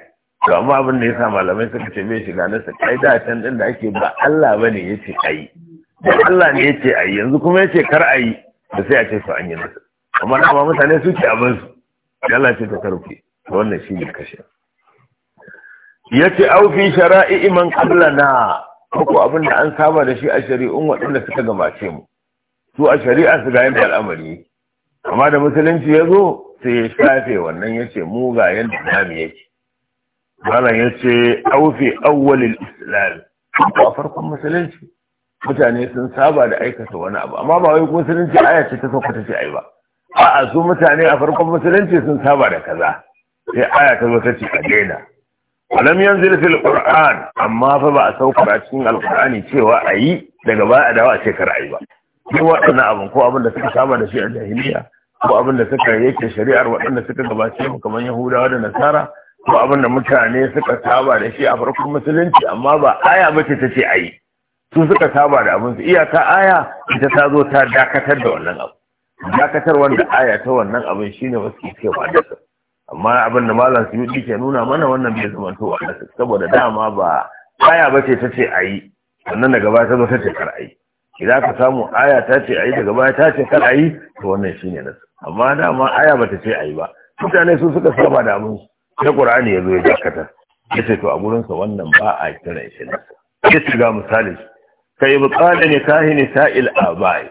to amma abin da ya sa malamai suka ce bai shiga nasa kai da can ɗin da ake ba Allah ne ya ce ayi Ba Allah ne ya ce ayi yanzu kuma ya ce kar ayi da sai a ce su an yi nasu amma dama mutane su ce abin su Allah ce ta karfe wannan shi ne kashe ya ce au fi shara'i iman na ko abin da an saba da shi a shari'un waɗanda suka gabace mu su a shari'a su ga da al'amari amma da musulunci ya zo sai ya shafe wannan ya ce mu ga yadda nami yake malam ya ce au fi awwalil islam a farkon musulunci mutane sun saba da aikata wani abu amma ba wai musulunci aya ce ta sauka ta ce ai ba a'a su mutane a farkon musulunci sun saba da kaza sai aya ta zo ta ce daina walam yanzil fil qur'an amma fa ba a sauka a cikin alqur'ani cewa ayi daga ba a dawo a ce kar ayi ba ko waɗannan abin ko abin da suka saba da shi a jahiliya ko abin da suka yake shari'ar waɗanda suka gabace mu kamar yahudawa da nasara ko abin da mutane suka saba da shi a farkon musulunci amma ba aya ce ta ce ayi su suka saba da abinsu iyaka aya ita ta zo ta dakatar da wannan abu dakatar wanda aya ta wannan abin shine wasu ke cewa da su amma abin da malam su yi ke nuna mana wannan bai zama to a su saboda dama ba aya ba ce ta ce a yi sannan daga baya ta zo ta ce kar a yi idan ka samu aya ta ce a yi daga baya ta ce kar a yi to wannan shine nasu amma dama aya ba ta ce a yi ba mutane su suka saba da abin ta qur'ani ya zo ya dakatar ya ce to a gurinsa wannan ba a kiran shi nasu ya shiga misali ka ne bukatar nikahi nisa abai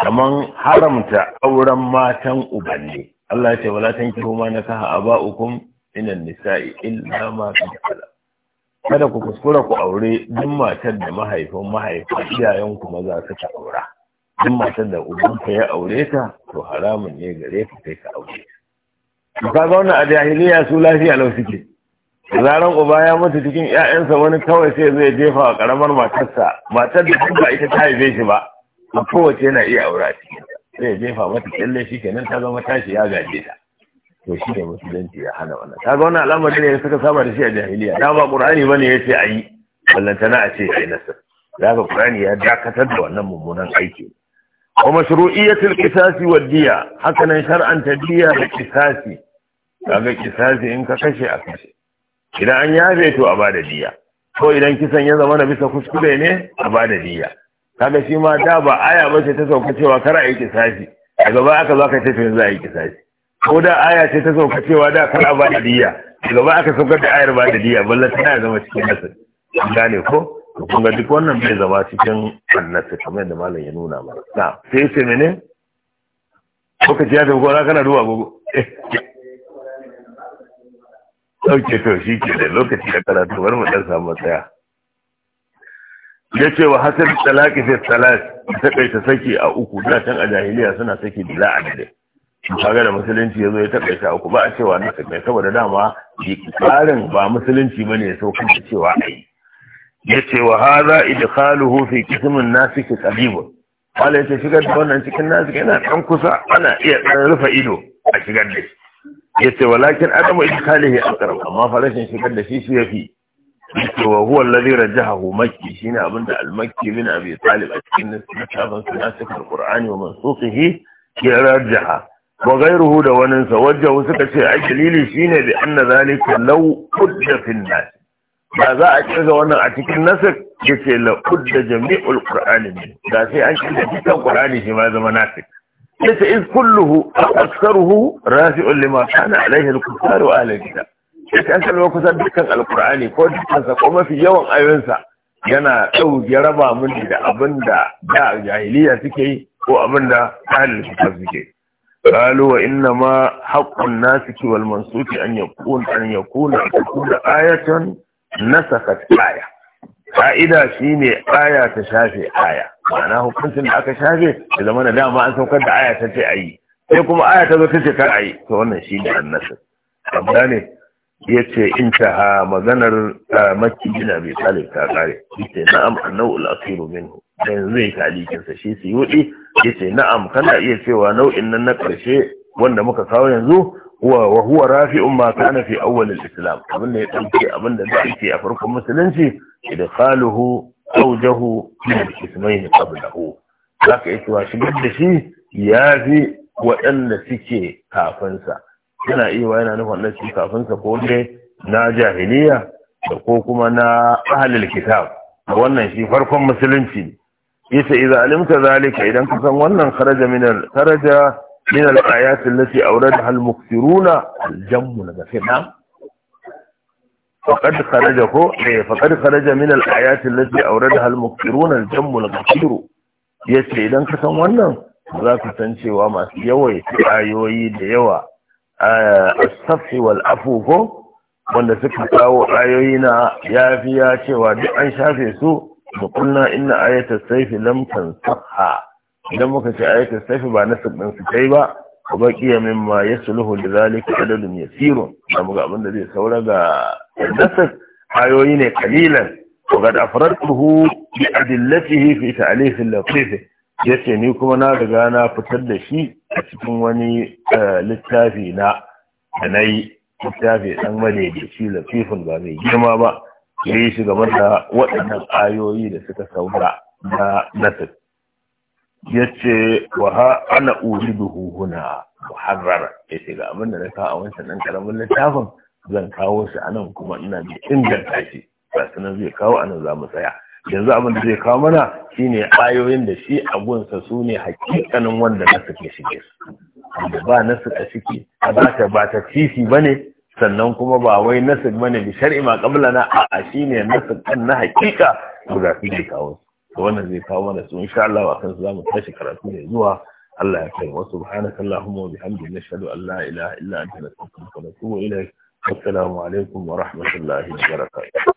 kaman haramta auren matan ubanni Allah ya ce wala tankihu ma nakaha aba'ukum minan nisa'i illa ma kala. kada ku kuskura ku aure duk matar da mahaifin mahaifin iyayen ku maza suka aura duk matar da ubanka ya aure ta to haramun ne gare ka kai ka aure ka ga wannan a jahiliya su lafiya lau suke zaran uba ya mutu cikin ƴaƴansa wani kawai sai zai jefa wa karamar matarsa matar da duk ba ita ta haife shi ba a kowace yana iya aura cikin sai jefa mata kyalle shi kenan ta zama tashi ya gaje ta to shi ne musulunci ya hana wannan kaga wannan al'amari ne suka saba da shi a jahiliya da ba qur'ani bane yace ayi ballantana a ce ai nasar da ka qur'ani ya dakatar da wannan mummunan aiki wa mashru'iyatul qisasi wad diya hakanan shar'an ta da qisasi kaga qisasi in ka kashe a kashe idan an yafe to a ba da diya ko idan kisan ya zama na bisa kuskure ne a ba da diya kaga shi ma da ba aya ba ce ta sauka cewa kar a yi kisasi a gaba aka zo aka tafi za a yi kisasi ko da aya ce ta sauka cewa da kar a ba da diya a gaba aka saukar da ayar ba da diya balla tana zama cikin nasa an gane ko kun ga duk wannan bai zama cikin annasa kamar yadda malam ya nuna mana na sai sai mene ko ka ji ya tafi gona kana duba gogo ɗauke to shi ke da lokaci da karatu bar mu samu tsaya ya ce wa hasar talaki sai talaki ta kaita saki a uku da can a jahiliya suna saki da a dade kaga da musulunci ya zo ya takaita a uku ba a cewa na sakai saboda dama tsarin ba musulunci ba ne sau kan cewa a yi ya ce wa haza idkhaluhu fi qismin nasiki qadibun wala ya ce shigar da wannan cikin nasiki yana ɗan kusa ana iya ɗan rufe ido a shigar da shi yace walakin adamu idkhalihi aqrab amma farashin shigar da shi shi yafi wa huwa alladhi rajahahu makki shine abinda al-makki bin abi talib a cikin littafin sunnah al-qur'ani wa mansukhihi ya rajaha wa ghayruhu da wanin sa wajhu ka ce ai dalili shine bi na zalika law qudda fi nas ba za a kirga wannan a cikin ya yace la qudda jami'ul qur'ani da sai an kirga dukkan qur'ani shi ma zama nasik ليس إذ كله أكثره رافع لما كان عليه الكفار وأهل الكتاب ليس أنت لما كنت ذكر القرآن كنت في يوم أيونسا yana ɗau raba mini da abin da da jahiliya suke yi ko abin da ahalin suka suke qalu wa inna ma haqqun nasiki wal mansuki an yakun an yakuna takuna ayatan ka aya ka'ida shine aya ta shafe aya ma'ana hukuncin da aka shafe da zama da dama an saukar da aya ta ce a yi sai kuma aya ta zo ta ce kar a yi to wannan shi ne annasa. amma ne ya ce in ta ha maganar makin gina mai ta kare ya ce na'am annau al'asiru minhu dan zai talikinsa shi su yi ya ce na'am kana iya cewa nau'in nan na ƙarshe wanda muka kawo yanzu wa huwa rafi'un ma kana fi awwal islam abin da ya dauke abin da da yake a farkon musulunci idan idkhaluhu aujahu min al-ismayn qablahu zaka yi cewa shigar da shi ya fi waɗanda suke kafinsa yana iya yana nufin waɗanda suke kafinsa ko dai na jahiliya da ko kuma na ahlul kitab wannan shi farkon musulunci yace idza alimta zalika idan ka san wannan kharaja min al kharaja min al ayat allati awradaha al mukthiruna al jamm فقد خرج هو فقد خرج من الآيات التي أوردها المكفرون الجم الكثير yace idan kasan wannan za ka san cewa masu yawai ayoyi da yawa as-safi wal afu ko wanda suka kawo ayoyi na yafiya cewa duk an shafe su da kunna inna ayatul sayfi lam tansahha idan muka ce ayatul saifi, ba nasab din su kai ba wa baqiya mimma da lidhalika adadun yasirun amma ga abin da zai saura ga nasar ayoyi ne kalilan wa qad afradtuhu bi adillatihi fi ta'lif al Ya yace ni kuma na riga na fitar da shi a cikin wani littafi na da nayi littafi ɗan dan shi latifin ba mai girma ba yayi shi gaban da waɗannan ayoyi da suka saura na nasir ya ce wa ha ana uriduhu huna muharrar ya ce ga abin da na kawo a wancan ɗan karamin littafin zan kawo shi a nan kuma ina da inganta shi ba nan zai kawo a nan za mu tsaya yanzu abin da zai kawo mana shine ayoyin da shi a gunsa su ne hakikanin wanda na suke shige wanda ba na suka shige ba ta ba ta fifi ba ne sannan kuma ba wai nasu bane bi shar'i ma qabla na a'a shine nasu kan na hakika ba za su kawo kawo to zai kawo mana su insha Allah akan su zamu tashi karatu da zuwa Allah ya kai wasu subhanaka allahumma wa bihamdika nashhadu an la ilaha illa anta nastaghfiruka wa natubu ilayk assalamu alaikum wa rahmatullahi wa barakatuh